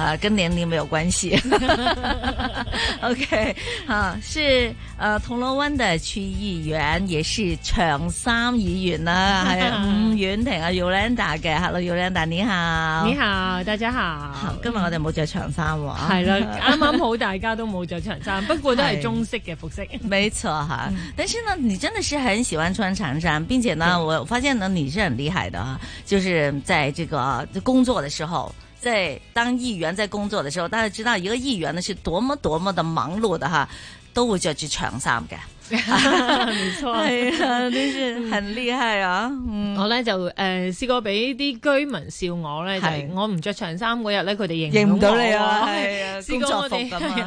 啊，跟年齡沒有關係。 OK，啊，是呃銅鑼灣的區議員，也是長衫議員啦、啊，係伍婉婷啊，Yolanda 嘅，Hello Yolanda，你好，你好，大家好。好，今日我哋冇着長衫，係啦，啱啱好大家都冇着長衫，不過都係中式嘅服飾。 沒錯哈、啊，但是呢，你真的是很喜歡穿長衫，並且呢，是我發現呢，你是很厲害的啊，就是在這個工作的時候。在當議員在工作的時候，大家知道一個議員呢是多麼多麼的忙碌的哈，都會着住長衫嘅。係，冇錯，啲嘢很厲害啊！我咧就誒試過俾啲居民笑我咧，就係我唔着長衫嗰日咧，佢哋認唔到你啊！係啊，工作服噶係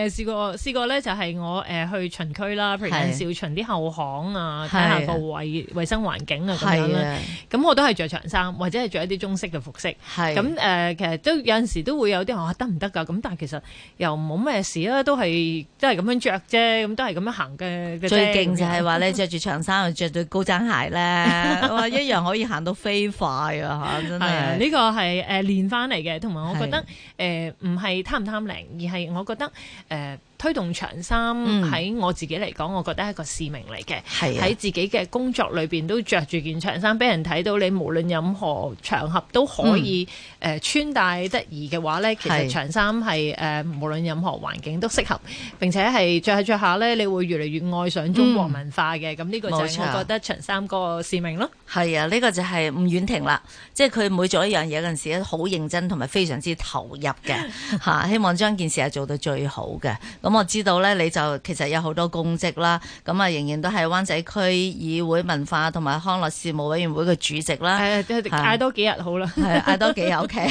啊，試過試過咧就係我誒去巡區啦，譬如，少巡啲後巷啊，睇下個衛衛生環境啊咁樣啦。咁我都係着長衫，或者係着一啲中式嘅服飾。咁誒，其實都有陣時都會有啲話得唔得噶？咁但係其實又冇咩事啊，都係都係咁樣着啫，咁都係咁樣行嘅。最勁就係話咧，着住長衫又着對高踭鞋咧， 哇，一樣可以行到飛快啊！吓，真係呢個係誒練翻嚟嘅，同埋呃我覺得誒唔係貪唔貪靚，而係我覺得誒。呃推動長衫喺、嗯、我自己嚟講，我覺得係一個使命嚟嘅。喺、啊、自己嘅工作裏邊都着住件長衫，俾人睇到你無論任何場合都可以誒、嗯呃、穿戴得宜嘅話呢，其實長衫係誒、呃、無論任何環境都適合，並且係着下着下呢，你會越嚟越愛上中國文化嘅。咁呢、嗯、個就係我覺得長衫個使命咯。係錯啊，呢、個就係伍婉婷啦。即係佢每做一樣嘢嗰陣時，好認真同埋非常之投入嘅嚇、 啊，希望將件事係做到最好嘅。咁、嗯、我知道咧，你就其實有好多公職啦。咁啊，仍然都係灣仔區議會文化同埋康樂事務委員會嘅主席啦。係，嗌多幾日好啦。係，嗌多幾日 OK。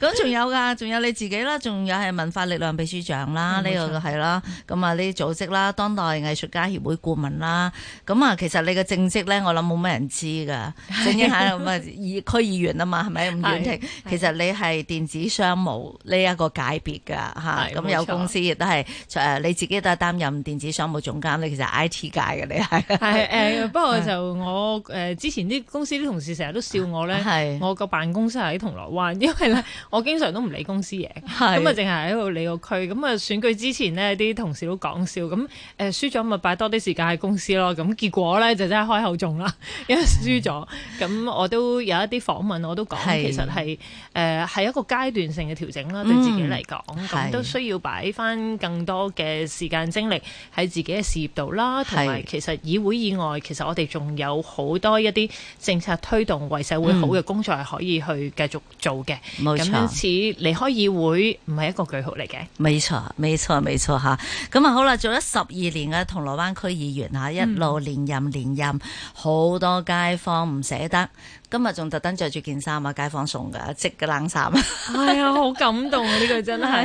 咁仲有㗎，仲有你自己啦，仲有係文化力量秘書長啦，呢、嗯、個係、就、啦、是。咁啊、嗯，呢啲組織啦，當代藝術家協會顧問啦。咁啊，其實你嘅正職咧，我諗冇乜人知㗎。正職係咁啊，議區議員啊嘛，係咪？唔遠聽。其實你係電子商務呢一個界別㗎嚇。咁、嗯、有公司亦都係。就你自己都係擔任電子商務總監，你其實 I T 界嘅你係。係誒，呃、是不過我就我誒、呃、之前啲公司啲同事成日都笑我咧，是我個辦公室喺銅鑼灣，因為咧我經常都唔理公司嘢，咁啊淨係喺度理個區。咁啊選舉之前呢啲同事都講笑，咁誒、呃、輸咗咪擺多啲時間喺公司咯。咁結果咧就真係開口中啦，因為輸咗，咁是我都有一啲訪問，我都講其實係誒係一個階段性嘅調整啦，對自己嚟講，咁、嗯、都需要擺翻更。更多嘅時間精力喺自己嘅事業度啦，同埋其實議會以外，其實我哋仲有好多一啲政策推動為社會好嘅工作係可以去繼續做嘅。冇錯、嗯，因此，離開議會唔係一個句號嚟嘅。冇錯，冇錯，冇錯吓。咁啊好啦，做咗十二年嘅銅鑼灣區議員吓，一路連任連任，好多街坊唔捨得。今日仲特登着住件衫啊，街坊送噶織嘅冷衫，係啊、哎呀， 好感動啊！呢、這、句、個、真係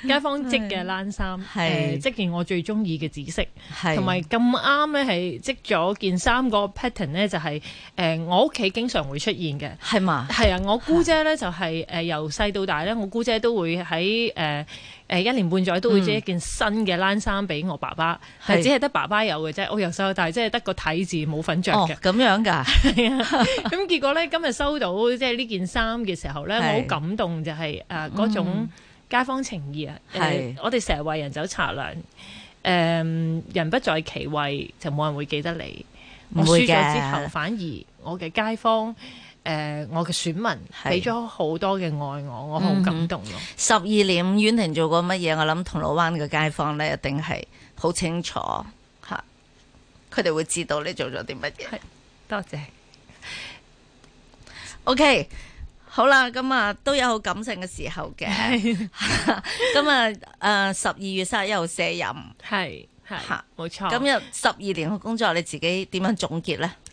是街坊織嘅冷衫，係織件我最中意嘅紫色，係同埋咁啱咧係織咗件衫、就是，個 pattern 咧就係誒，我屋企經常會出現嘅，係嘛嗎？係啊，我姑姐咧就係、是、誒，由、呃、細到大咧，我姑姐都會喺誒。呃誒、欸、一年半載都會借一件新嘅冷衫俾我爸爸，係、嗯、只係得爸爸有嘅啫，我又收，但係即係得個睇字冇份着嘅。哦，咁樣㗎，咁 結果咧今日收到即係呢件衫嘅時候咧，是我好感動、就是，就係誒嗰種街坊情義啊！係，我哋成日話人走茶涼，誒、呃、人不在其位就冇人會記得你，唔會嘅。輸咗之後反而我嘅街坊。誒、呃，我嘅選民俾咗好多嘅愛我，是我好感動十二、嗯、年伍婉婷做過乜嘢？我諗銅鑼灣嘅街坊咧，一定係好清楚吓，佢哋、嗯、會知道你做咗啲乜嘢。多謝。OK，好啦，咁啊都有好感性嘅時候嘅。咁啊誒，十二、 呃、月三十一號卸任，係係，冇錯。今日十二年嘅工作，你自己點樣總結咧？嗯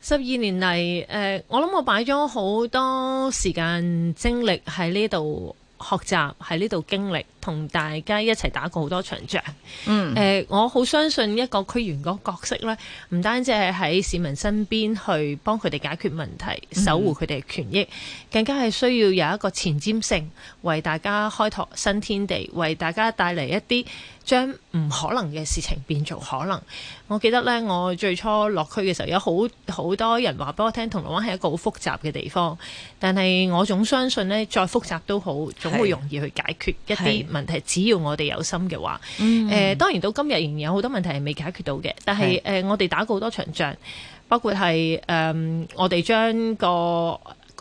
十二年嚟，呃，我諗我擺咗好多時間精力喺呢度學習，喺呢度經歷。同大家一齊打過好多場仗，嗯呃、我好相信一個區議員個角色呢唔單止係喺市民身邊去幫佢哋解決問題、嗯、守護佢哋權益，更加係需要有一個前瞻性，為大家開拓新天地，為大家帶嚟一啲將唔可能嘅事情變做可能。我記得呢，我最初落區嘅時候，有好好多人話俾我聽，銅鑼灣係一個好複雜嘅地方，但係我總相信呢，再複雜都好，總會容易去解決一啲。問題，只要我哋有心嘅話，誒、嗯呃，當然到今日仍然有好多問題係未解決到嘅，但係誒是、呃，我哋打過好多場仗，包括係誒、呃，我哋將個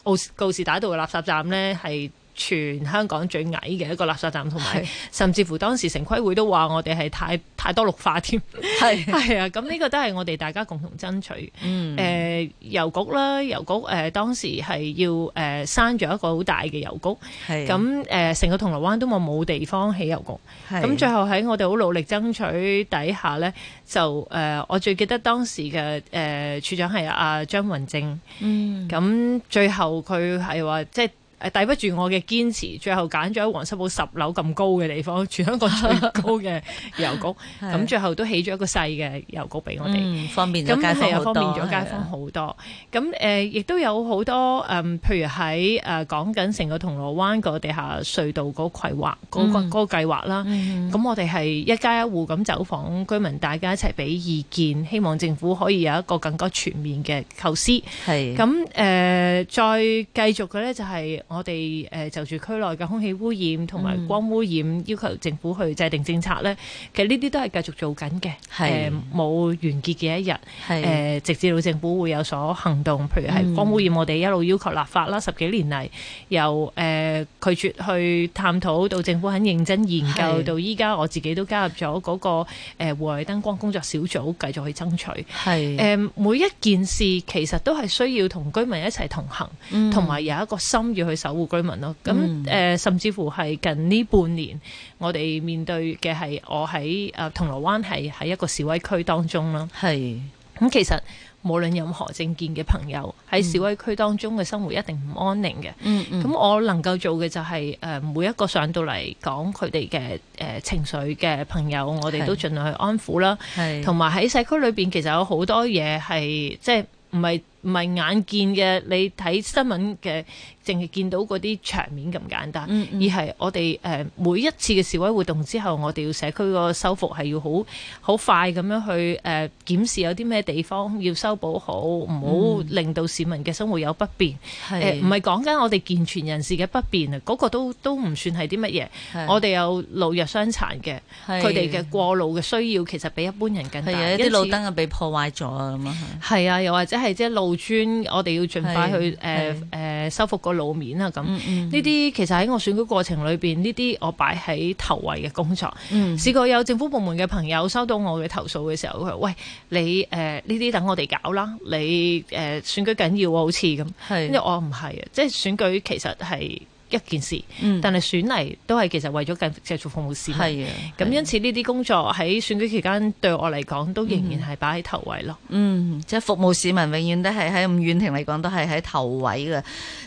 澳告士打道嘅垃圾站咧係。是全香港最矮嘅一個垃圾站，同埋的甚至乎當時城規會都話我哋係太太多綠化添，係啊的，咁呢 個都係我哋大家共同爭取。嗯，誒、呃、郵局啦，郵局誒、呃、當時係要誒閂咗一個好大嘅郵局，咁誒成個銅鑼灣都冇冇地方起郵局，咁的最後喺我哋好努力爭取底下咧，就誒、呃、我最記得當時嘅、呃、處長係係阿張雲正，嗯，咁、嗯、最後佢係話即係。就是抵不住我嘅堅持，最後揀咗喺皇室堡十樓咁高嘅地方，全香港最高嘅郵局，咁 的最後都起咗一個細嘅郵局俾我哋、嗯，方便咗街坊又方便咗街坊好多。咁亦的、呃、都有好多誒、嗯，譬如喺誒、呃、講緊成個銅鑼灣個地下隧道嗰、嗯，那個規劃嗰個嗰計劃啦。咁、嗯、我哋係一家一戶咁走訪居民，大家一齊俾意見，希望政府可以有一個更加全面嘅構思。咁誒的、呃，再繼續嘅咧就係、是。我哋誒就住區內嘅空氣污染同埋光污染，要求政府去制定政策咧。嗯、其實呢啲都係繼續做緊嘅，誒冇的、呃、完結嘅一日。誒的、呃、直至到政府會有所行動，譬如係光污染，我哋一路要求立法啦，嗯、十幾年嚟由誒、呃、拒絕去探討到政府肯認真研究，的到依家我自己都加入咗嗰、那個誒戶、呃、外燈光工作小組繼續去爭取。誒的、呃、每一件事其實都係需要同居民一齊同行，同埋、嗯、有一個心要去。守護居民咯，咁誒、呃，甚至乎係近呢半年，我哋面對嘅係我喺誒銅鑼灣係喺一個示威區當中啦。係，咁其實無論任何政見嘅朋友喺示威區當中嘅生活一定唔安寧嘅，嗯。嗯嗯，咁我能夠做嘅就係、是、誒、呃、每一個上到嚟講佢哋嘅誒情緒嘅朋友，我哋都盡量去安撫啦。係，同埋喺社區裏邊，其實有好多嘢係即係唔係。唔係眼見嘅，你睇新聞嘅，淨係見到嗰啲場面咁簡單。嗯嗯、而係我哋誒、呃、每一次嘅示威活動之後，我哋要社區個修復係要好好快咁樣去誒檢、呃、視有啲咩地方要修補好，唔好令到市民嘅生活有不便。誒是，唔係講緊我哋健全人士嘅不便啊，嗰、嗰個都都唔算係啲乜嘢。是我哋有老弱傷殘嘅，佢哋嘅過路嘅需要其實比一般人更大。啲、啊、路燈啊被破壞咗啊咁樣。係次。啊，又或者係即係路。村，我哋要盡快去誒誒修復個路面啊！咁呢啲其實喺我選舉過程裏邊，呢啲我擺喺頭位嘅工作。試、嗯、過有政府部門嘅朋友收到我嘅投訴嘅時候，佢話，喂你誒，呢啲等我哋搞啦，你誒、呃呃、選舉緊要啊，好似咁。因為是我唔係啊，即係選舉其實係一件事，但係選嚟都係其實為咗繼續、嗯、即服務市民。係啊，咁因此呢啲工作喺選舉期間對我嚟講都仍然係擺喺頭位咯。嗯，即係服務市民永遠都係喺伍婉婷嚟講都係喺頭位嘅。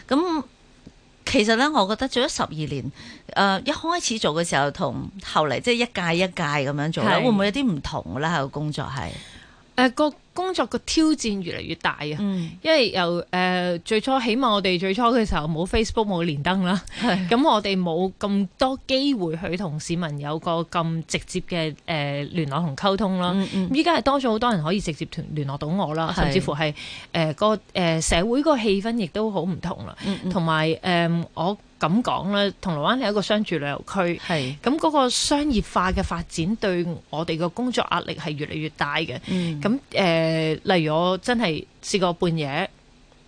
咁其實咧，我覺得做咗十二年，誒、呃，一開始做嘅時候同後嚟即係一屆一屆咁樣做咧，的會唔會有啲唔同咧？喺個工作係誒、呃工作嘅挑戰越嚟越大啊！嗯、因為由誒、呃、最初，起碼我哋最初嘅時候冇 Facebook 冇連登啦，咁是我哋冇咁多機會去同市民有個咁直接嘅誒聯絡同溝通啦。咁依家係多咗好多人可以直接聯絡到我啦，是甚至乎係誒個誒社會個氣氛亦都好唔同啦。同埋誒我咁講啦，銅鑼灣係一個商住旅遊區，係咁嗰個商業化嘅發展對我哋個工作壓力係越嚟越大嘅。咁誒、嗯。誒、呃，例如我真係試過半夜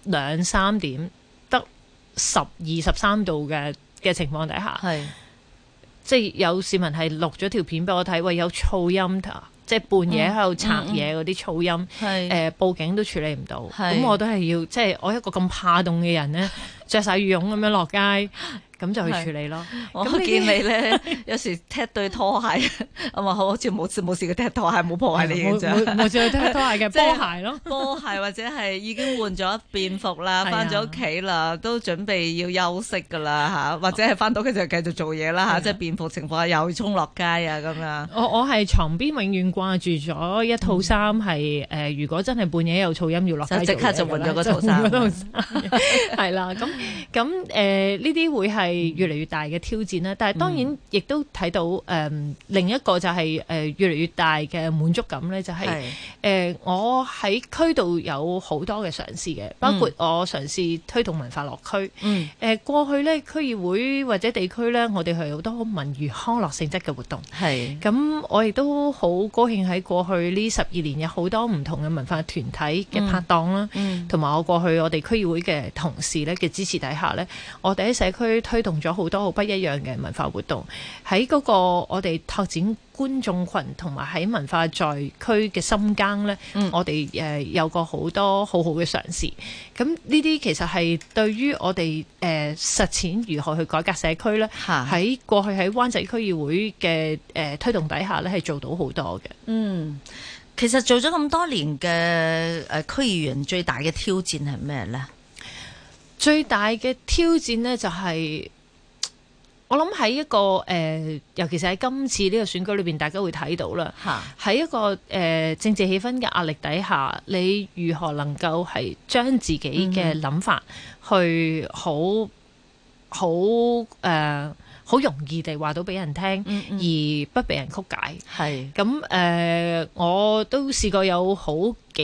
兩三點得十二十三度嘅嘅情況底下，係是即係有市民係錄咗條片俾我睇，喂，有噪音，即係半夜喺度拆嘢嗰啲噪音，係誒、嗯嗯呃、報警都處理唔到，咁是我都係要即係我一個咁怕凍嘅人咧。着晒羽絨咁樣落街，咁就去處理咯。我見你咧有時踢對拖鞋，我話好似冇事冇事嘅踢拖鞋冇破壞你嘅啫。我著踢拖鞋嘅波鞋咯，波鞋或者係已經換咗便服啦，翻咗屋企啦，都準備要休息㗎啦嚇。或者係翻到屋企就繼續做嘢啦嚇，即係便服情況下又衝落街啊咁樣。我我係床邊永遠掛住咗一套衫，係誒，如果真係半夜有噪音要落街，即刻就換咗個套衫。係啦，咁。咁誒呢啲會係越嚟越大嘅挑戰啦，嗯、但係當然亦都睇到誒、呃、另一個就係、是呃、越嚟越大嘅滿足感咧、就是，就係誒我喺區度有好多嘅嘗試嘅，包括我嘗試推動文化落區。誒、嗯呃、過去咧區議會或者地區咧，我哋係好多好文娛康樂性質嘅活動。係咁是我亦都好高興喺過去呢十二年有好多唔同嘅文化團體嘅拍檔啦，同埋、嗯嗯、我過去我哋區議會嘅同事咧嘅支持。私底下呢，我哋喺社區推動咗好多好不一樣嘅文化活動，喺嗰個我哋拓展觀眾群同埋喺文化在區嘅深耕呢，嗯、我哋誒有過好多好好嘅嘗試，咁呢啲其實是，係對於我哋誒實踐如何去改革社區咧，喺過去喺灣仔區議會嘅誒、呃、推動底下呢，係做到好多嘅。嗯，其實做咗咁多年嘅誒區議員最大嘅挑戰係咩咧？最大嘅挑戰呢，就是，就係我諗喺一個誒、呃，尤其是喺今次呢個選舉裏邊，大家會睇到啦。喺是的 一個誒、呃、政治氣氛嘅壓力底下，你如何能夠係將自己嘅諗法去好好誒好容易地話到俾人聽，嗯嗯而不俾人曲解？係咁誒，我都試過有好，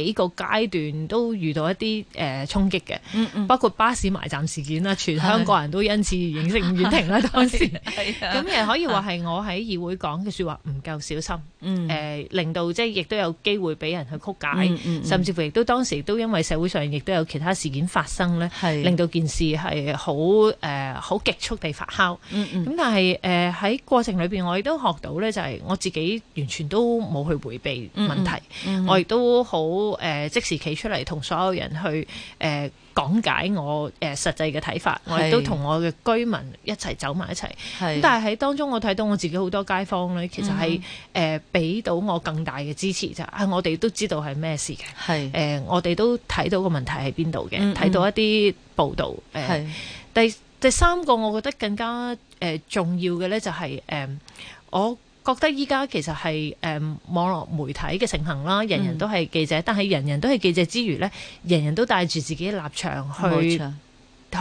幾個階段都遇到一啲誒、呃、衝擊嘅，嗯嗯、包括巴士埋站事件啦，全香港人都因此認識伍婉婷啦。當時，咁亦、 啊、可以話係我喺議會講嘅説話唔夠小心，誒、嗯呃、令到即係亦都有機會俾人去曲解，嗯嗯嗯、甚至乎亦都當時都因為社會上亦都有其他事件發生咧，是令到件事係好誒好極速地發酵。咁、嗯嗯、但係誒喺過程裏邊，我亦都學到咧，就係、是、我自己完全都冇去迴避問題，嗯嗯、我亦都好。都誒、呃、即時企出嚟同所有人去誒講、呃、解我誒、呃、實際嘅睇法，是我亦都同我嘅居民一齊走埋一齊。咁是但係喺當中，我睇到我自己好多街坊咧，其實係誒俾到我更大嘅支持就係、啊、我哋都知道係咩事嘅。係誒是、呃、我哋都睇到個問題喺邊度嘅，睇、嗯嗯、到一啲報道。誒、呃是，第第三個我覺得更加誒、呃、重要嘅咧就係、是、誒、呃、我。覺得依家其實係誒、嗯、網絡媒體嘅盛行啦，人人都係記者，嗯、但係人人都係記者之餘呢，人人都帶住自己立場去錯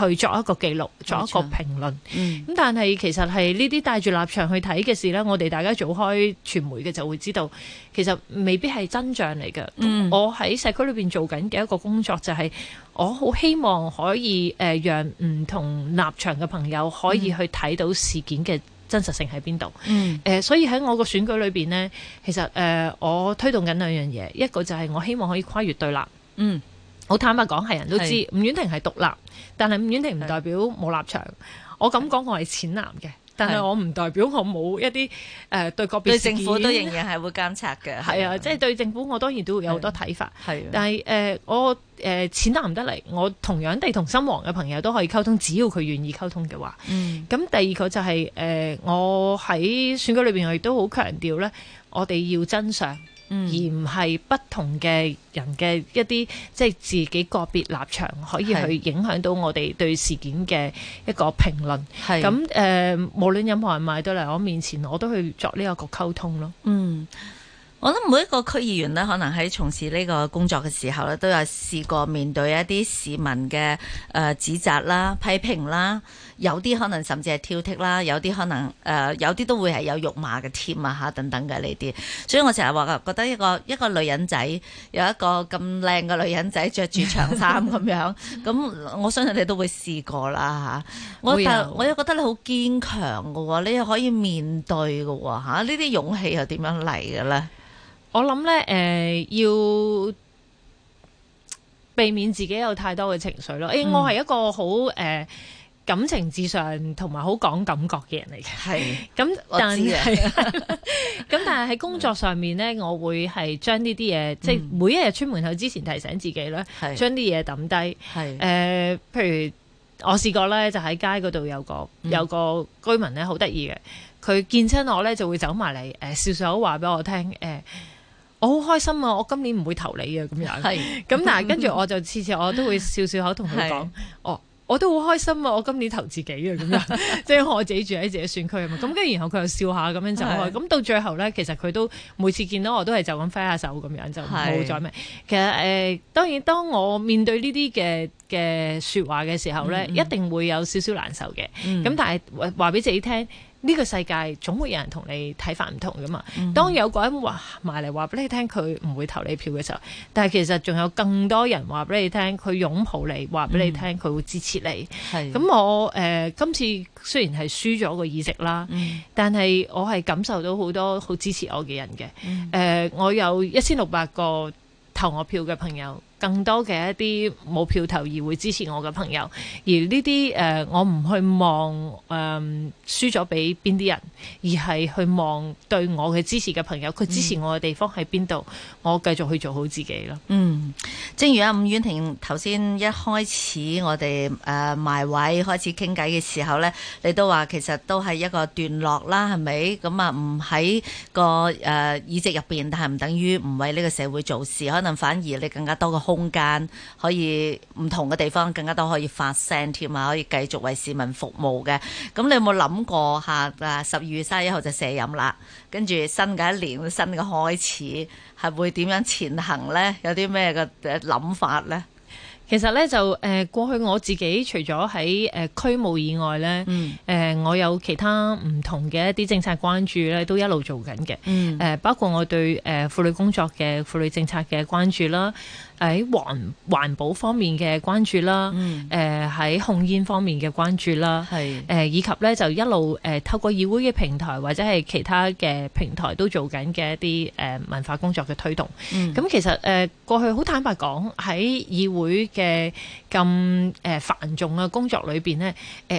去作一個記錄，錯作一個評論。咁、嗯、但係其實係呢啲帶住立場去睇嘅事呢，我哋大家做開傳媒嘅就會知道，其實未必係真相嚟嘅。嗯、我喺社區裏邊做緊嘅一個工作就係、是，我好希望可以誒讓唔同立場嘅朋友可以去睇到事件嘅真實性喺邊度？誒、嗯呃，所以喺我個選舉裏邊呢，其實誒、呃，我推動緊兩樣嘢，一個就係我希望可以跨越對立。嗯，好坦白講，係人都知道是伍婉婷係獨立，但係伍婉婷唔代表冇立場。是我咁講，我係淺藍嘅。但係我唔代表我冇一啲誒、呃、對個別對政府都仍然係會監察嘅。係啊，即係對政府我當然都會有好多睇法。係，是但係誒、呃、我誒錢、呃、難唔得嚟，我同樣地同深黃嘅朋友都可以溝通，只要佢願意溝通嘅話。嗯，咁第二個就係、是、誒、呃，我喺選舉裏邊我亦都好強調咧，我哋要真相。嗯、而唔係不同嘅人嘅一啲即係自己個別立場，可以去影響到我哋對事件嘅一個評論。咁誒、呃，無論任何人賣到嚟我面前，我都去作呢一個溝通咯。嗯。我諗每一個區議員咧，可能喺從事呢個工作嘅時候咧，都有試過面對一啲市民嘅誒指責啦、批評啦，有啲可能甚至係挑剔啦，有啲可能誒、呃，有啲都會係有辱罵嘅添啊吓等等嘅呢啲。所以我成日話，覺得一個一個女人仔有一個咁靚嘅女人仔着住長衫咁樣，咁 我相信你都會試過啦吓。我有我又覺得你好堅強嘅，你又可以面對嘅吓，呢啲勇氣又點樣嚟嘅咧？我諗咧，誒、呃，要避免自己有太多嘅情緒咯。誒、欸，嗯、我係一個好誒、呃、感情至上同埋好講感覺嘅人嚟嘅。係是，咁但係，咁 但係喺工作上面咧， 我會係將呢啲嘢，嗯、即係每一日出門口之前提醒自己咧，將啲嘢抌低。係，誒是、呃，譬如我試過咧，就喺街嗰度有個有個居民咧，好得意嘅，佢見親我咧就會走埋嚟，誒、呃，笑笑話俾我聽，誒、呃。我好開心啊！我今年唔會投你啊咁樣，咁但係跟住我就次次我都會笑笑口同佢講，我是、oh, 我都好開心啊！我今年投自己啊。」咁樣，即係 我自己住喺自己選區啊嘛。咁跟住然後佢又笑下咁樣走開。咁是到最後咧，其實佢都每次見到我都係就咁揮下手咁樣就冇咗咩。是其實誒、呃，當然當我面對呢啲嘅嘅說話嘅時候咧，嗯嗯一定會有少少難受嘅。咁、嗯、但係話俾自己聽。呢個世界總會有人跟你看不同你睇法唔同噶嘛？當有個人話埋嚟話俾你聽，佢唔會投你票嘅時候，但係其實仲有更多人話俾你聽，佢擁抱你，話俾你聽佢會支持你。咁、嗯、我誒、呃、今次雖然係輸咗個議席啦，嗯、但係我係感受到好多好支持我嘅人嘅。誒、呃，我有一千六百個投我票嘅朋友。更多嘅一啲冇票投而會支持我嘅朋友，而呢啲誒、我唔去望誒輸咗俾邊啲人，而係去望對我嘅支持嘅朋友，佢支持我嘅地方喺邊度，嗯、我繼續去做好自己咯。嗯，正如阿伍婉婷頭先一開始我哋誒、呃、埋位開始傾偈嘅時候咧，你都話其實都係一個段落啦，係咪？咁啊唔喺、個誒、呃、議席入邊，但係唔等於唔為呢個社會做事，可能反而你更加多個。空間可以唔同嘅地方更加多可以發聲添啊，可以繼續為市民服務嘅。咁你有冇諗過嚇？啊，十二月三十一號就卸任啦，跟住新嘅一年、新嘅開始係會點樣前行呢？有啲咩嘅諗法呢？其實呢，就誒過去我自己除咗喺誒區務以外呢、嗯呃，我有其他唔同嘅一啲政策關注呢，都一路做緊嘅。嗯、包括我對誒婦女工作嘅婦女政策嘅關注啦。喺環環保方面嘅關注啦，誒喺、嗯呃、控煙方面嘅關注啦，誒係、呃、以及咧就一路誒、呃、透過議會嘅平台或者係其他嘅平台都做緊嘅一啲誒、呃、文化工作嘅推動。咁、嗯、其實誒、呃、過去好坦白講喺議會嘅，咁繁重嘅工作裏邊呢，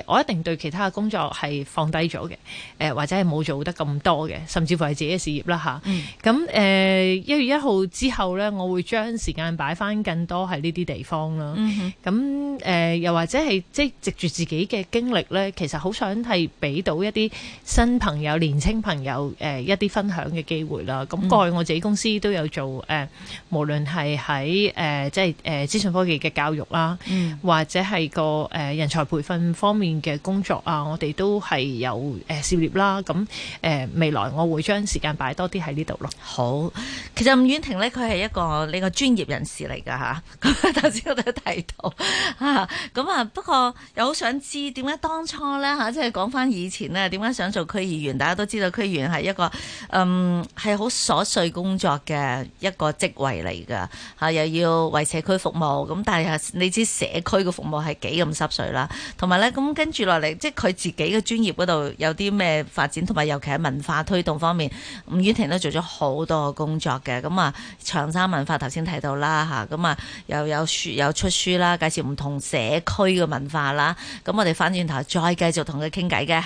我一定對其他嘅工作係放低咗嘅，或者係冇做得咁多嘅，甚至乎係自己嘅事業啦吓，咁、嗯、一月一號之後呢，我會將時間擺翻更多喺呢啲地方啦，咁、嗯、哼又或者係即係藉住自己嘅經歷呢，其實好想係俾到一啲新朋友、年青朋友一啲分享嘅機會啦。咁過去我自己公司都有做誒，無論係喺即係誒資訊科技嘅教育啦。嗯、或者係個人才培訓方面嘅工作啊，我哋都係有誒涉獵啦。咁未來，我會將時間擺多啲喺呢度咯。好，其實吳婉婷咧，佢係一個你個專業人士嚟㗎咁頭先我都睇到吓咁啊，不過又好想知點解當初咧，即係講翻以前咧，點解想做區議員？大家都知道區議員係一個嗯係好瑣碎工作嘅一個職位嚟㗎、啊、又要為社區服務咁，但係你知。社區嘅服務係幾咁濕碎啦，同埋咧咁跟住落嚟，即係佢自己嘅專業嗰度有啲咩發展，同埋尤其係文化推動方面，伍婉婷都做咗好多工作嘅。咁啊，長沙文化頭先提到啦吓，咁啊又有書有出書啦，介紹唔同社區嘅文化啦。咁我哋翻轉頭再繼續同佢傾偈嘅。